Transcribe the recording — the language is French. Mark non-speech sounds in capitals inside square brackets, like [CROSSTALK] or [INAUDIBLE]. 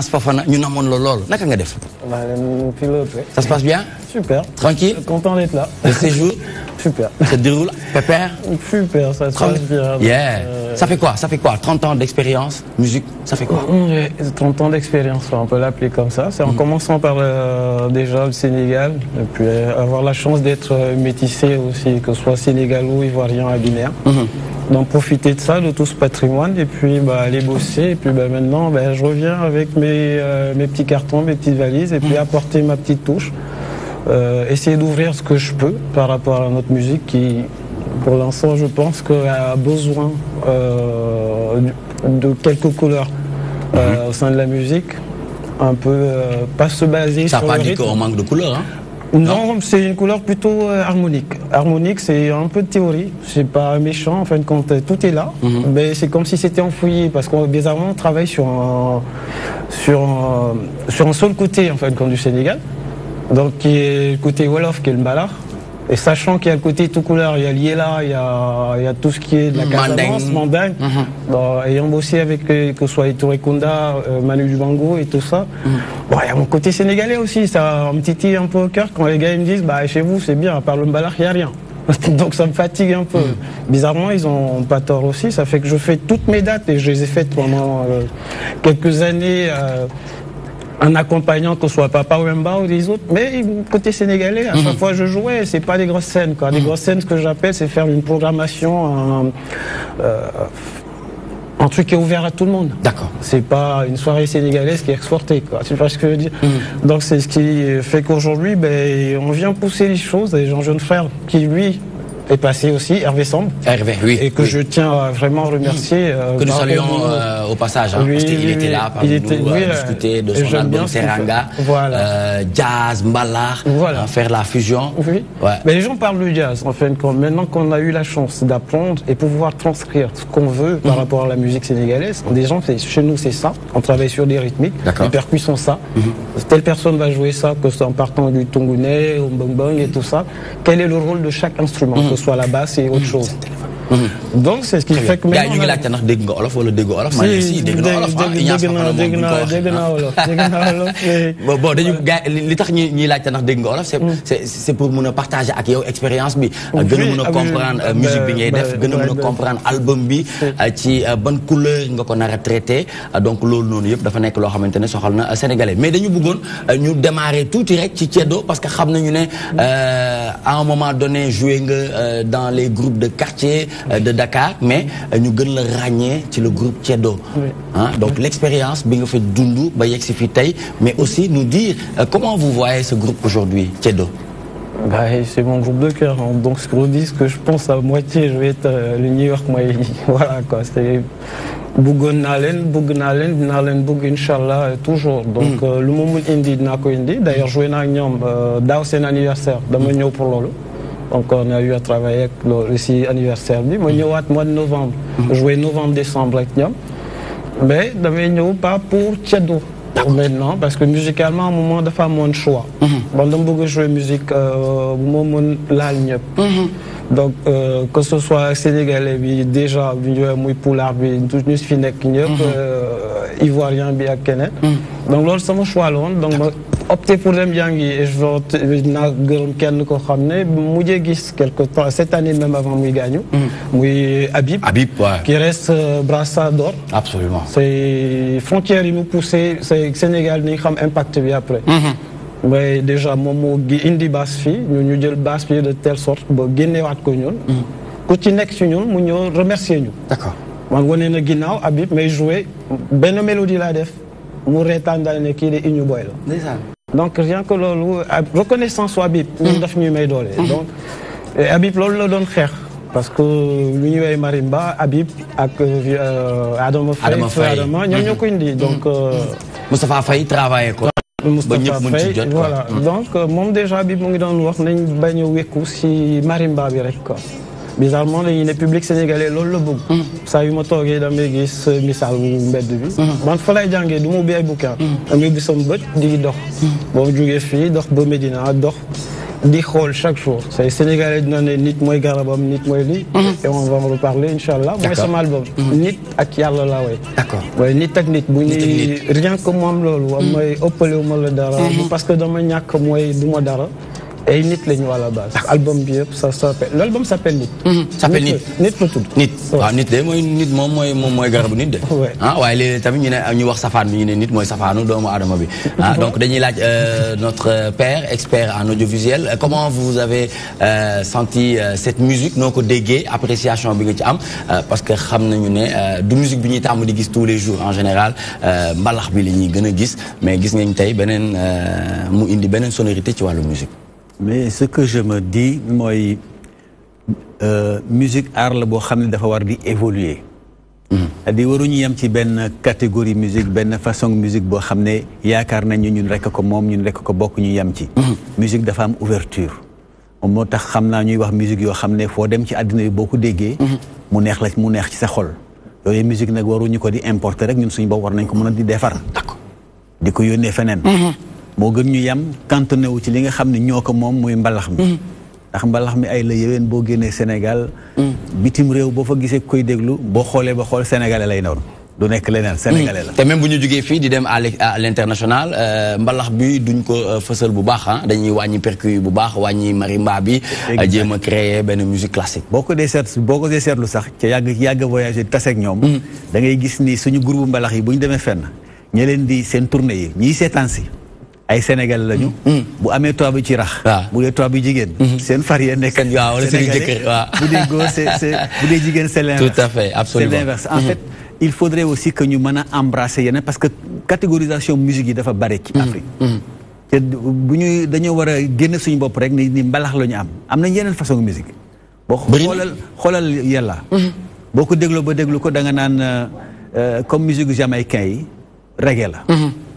ça se passe bien. super tranquille content d'être là. le séjour. super se déroule super ça se passe bien. Euh, ça fait quoi ça fait quoi 30 ans d'expérience musique ça fait quoi. 30 mm, ans d'expérience on peut l'appeler comme ça c'est en mm. commençant par euh, déjà le Sénégal et puis euh, avoir la chance d'être métissé aussi que ce soit sénégalais ou ivoirien à Guinée. Mm-hmm d'en profiter de ça, de tout ce patrimoine, et puis bah, aller bosser. Et puis bah, maintenant, bah, je reviens avec mes, euh, mes, petits cartons, mes petites valises, et puis mm. apporter ma petite touche. Euh, essayer d'ouvrir ce que je peux par rapport à notre musique qui, pour l'instant, je pense a besoin euh, de quelques couleurs mm-hmm. au sein de la musique. Un peu, pas se baser ça sur. Ça n'a pas dit qu'on manque de couleurs. Hein. Non, c'est une couleur plutôt euh, harmonique. Harmonique, c'est un peu de théorie. C'est pas méchant, en fin de compte, tout est là. Mhm. Mais c'est comme si c'était enfoui, parce qu'on bizarrement on travaille sur un, sur sur un seul côté, en du Sénégal. Donc qui est le côté Wolof, qui est le malard et sachant qu'il y a le côté tout couleur, il y a l'IELA, il, il y a, tout ce qui est de la Casamance, Mandagne, mm-hmm. bah, ayant bossé avec euh, que ce soit Toure Kunda, euh, Manu Dubango et tout ça, mm. bah, il y a mon côté sénégalais aussi, ça me titille un peu au cœur quand les gars me disent bah, chez vous c'est bien, à part le Mbalar, il n'y a rien. [LAUGHS] Donc ça me fatigue un peu. Mm. Bizarrement, ils n'ont pas tort aussi. Ça fait que je fais toutes mes dates et je les ai faites pendant euh, quelques années. Euh, un accompagnant que ce soit Papa ou mba ou les autres. Mais côté sénégalais, à chaque mhm. fois je jouais, c'est pas des grosses scènes. Quoi. Des mhm. grosses scènes, ce que j'appelle, c'est faire une programmation, euh, un, truc qui est ouvert à tout le monde. D'accord. C'est pas une soirée sénégalaise qui est exportée. Quoi. Tu vois ce que je veux dire mhm. Donc c'est ce qui fait qu'aujourd'hui, ben, on vient pousser les choses. Et Jean-Jeune Frère, qui lui est passé aussi, Hervé Sambe. Hervé, oui. Et que je tiens à vraiment remercier. Euh, que nous saluons euh, au passage, hein, parce qu'il était là pour nous euh, de son album Seranga. Voilà. jazz, ballard, voilà. faire la fusion. Oui. Mais les gens parlent du jazz, en fin de compte. Maintenant qu'on a eu la chance d'apprendre et pouvoir transcrire ce qu'on veut par mhm. rapport à la musique sénégalaise, des gens, chez nous, c'est ça. On travaille sur des rythmiques, les percussions sont ça. Mhm. Telle personne va jouer ça, que ce en partant du tongounais, au bong bong et tout ça. Quel est le rôle de chaque instrument, mhm soit la base c'est autre chose. Mhm. donc c'est ce qui fait que. gars ñu ngi laajte nak dégg nga olof wala déggu olof. maa ngi si dégg na olof ah Ignace Faxala moom duñ ko dégg naa olof dégg naa olof. bon bon dañu gars li tax ñi ñuy laajte nak dégg nga olof. c'est mm. c'est pour mun partager ak yow expérience bi. gëna a ah comprendre musique bi ngay def gëna a comprendre album bi. Euh, ci euh, ban couleur nga ko nar a donc loolu noonu yëpp dafa nekk loo xamante ne soxal na euh, sénégalais mais dañu bëggoon ñu démarrer tuuti rek ci Ceddo parce que xam nañu ne à un moment donné joué nga dans les groupes de quartier euh, de Dakar mais nous euh, gën la ragné le groupe Tiedo. Hein, donc l'expérience bien fait fa eu ba mais aussi nous dire euh, comment vous voyez ce groupe aujourd'hui Tiedo. Bah, c'est mon groupe de cœur. Hein. Donc, ce ce que je pense à moitié, je vais être le New York [LAUGHS] voilà, quoi. C'est Bougon Bougonalen, Nalen Boug, Inch'Allah, toujours. Mm. Donc, mm. euh, le moment indi Nako D'ailleurs, je vais dans dans c'est un anniversaire, pour l'Olo donc on a eu à travailler ak loolu si anniversaire bi ma ñëwaat mois de novembre jouer novembre décembre ak ñoom mais damay ñëw pas pour ceddu maintenant parce que musicalement à un moment dafa mon choix bon dama bëgg a jouer musique euh, bu ma mën laal ñëpp donc euh, que ce soit sénégalais bi déjà bi ñu muy pulaar bi ñu fi nekk ñëpp euh, ivoirien bi ak keneen donc c'est mon choix là, donc opté pour dem jàngi et je veux naa gërëm kenn koo xam gis quelque temps cette année même avant muy gaañu. Mm. muy Habib. Habib ouais. qui reste euh, brassard d'or. absolument c'est frontières ils nous poussé c'est Sénégal nañ xam impact bi après. Mm-hmm. mais déjà moom moo indi base fii ñun ñu jël base de telle sorte ba génneewaat ko ñun. Mm. ku ci nekk ci ñun mu ñëw remercier ñu. d'accord man wane na ginnaaw Habib may joué benn mélodie laa def mu reetaan daal ne kii de Ignou donc rien que loolu reconnaissance su Habib. ñun daf ñuy may doole. Mm-hmm. donc euh, Habib loolu la doon xeex. parce que lu ñuy woowee Marimba Habib ak euh, euh, Adama Faye. Adama ñom ñoko indi mm-hmm. donc. mustafa mm-hmm. Faye travailler ko. ba ñëpp mën ci jot voilà donc mom déjà Habib mo ngi doon wax nañ bañu a ci Marimba bi rek quoi bizarrement dañuy ne public sénégalais loolu la bëgg. Hmm. saa yu togué toogee damay gis euh, misal mu mbedd bi. Hmm. man fa lay jangé dou mo ubbi ay bouquin. Hmm. damay ubbi sama bët di dox. boo jogué fi dox ba Medina dox. di xool chaque jour. say sénégalais dina ne nit moy garabam nit moy li et on va en reparler inshallah moy mooy sama album. nit ak yalla la way. d'accord accord nit ak nit. bu ñuy rien que moom loolu. mooy ëppale wu ma la dara. parce que dama ñak moy du dara. Et nit la ñu à la base. album bi yëpp ça s'appelle l'album s'appelle nit. Mhm, s'appelle nit nit la tudd. nit waaw ah, nit de moy nit mom moy mom moy garabu nit de. ah waaye léeg-léeg tamit ñu ne ñu wax safaan bi ñu ne nit moy safanu doomu adama bi. ah donc dañuy laaj euh, notre père expert en audiovisuel euh, comment vous avez euh, senti cette musique noko dégué appréciation bi nga ci am parce que xam nañu ne du musique bi ñuy tam di gis tous les jours en général mbalax bi la ñuy gëna a gis mais gis ngeen tey beneen mu indi benen sonorité ci walu musique mais ce que je me dis moi, euh, musique art la boo xam ne dafa war di évoluer hmm. cest Adi dire waruñu yam ci benn catégorie musique benn façon musique boo xam ne yaakaar nañu ñun rek ko moom ñun rek ko bokk ñu yam ci hmm. musique dafa am ouverture moom moo tax xam naa ñuy wax musique yoo xam ne foo dem ci àddina bi boo ko déggee hmm. mu neex la mu neex ci sa xol yooyu musique nag waruñu ko di importer rek ñun suñu bopp war nañ ko mën a di defar di ko yónnee feneen moo gën ñu yem cantonné wu ci li nga xam ne ñoo ko moom muy mbalax mi mm-hmm. ndax mbalax mi ay la yeween boo génnee Sénégal mm. bitim réew boo fa gisee koy déglu boo xoolee ba xool sénégalais lay noonu du nekk leneen sénégalais la mm. te même bu ñu jógee fii di dem à l'international euh, mbalax bi duñ ko euh, fësal bu baax ah dañuy wàññi percu bu baax wàññi mari mbaa bi euh, jéem a créer benn musique classique boo ko dee seet boo ko dee seetlu sax ca yàgg yàgg voyagé taseeg ñoom mm. da ngay gis ni suñu groupe mbalax yi bu ñu demee fenn ña leen di seen tournée yi ñiy seetaan si ay Sénégal lañu. Mm, mm. bu ci rax. bu c'est bu c'est tout à fait absolument c'est l'inverse en mm-hmm. fait. il faudrait aussi que nous nous parce que catégorisation musique yi dafa bare ci mm-hmm. Afrique. nous mm-hmm. bu ñuy dañoo suñu nous rek ni mbalax la am am yeneen façon musique. boo xolal xolal boko ba ko da nga euh, euh, comme musique jamaïcain reggae la.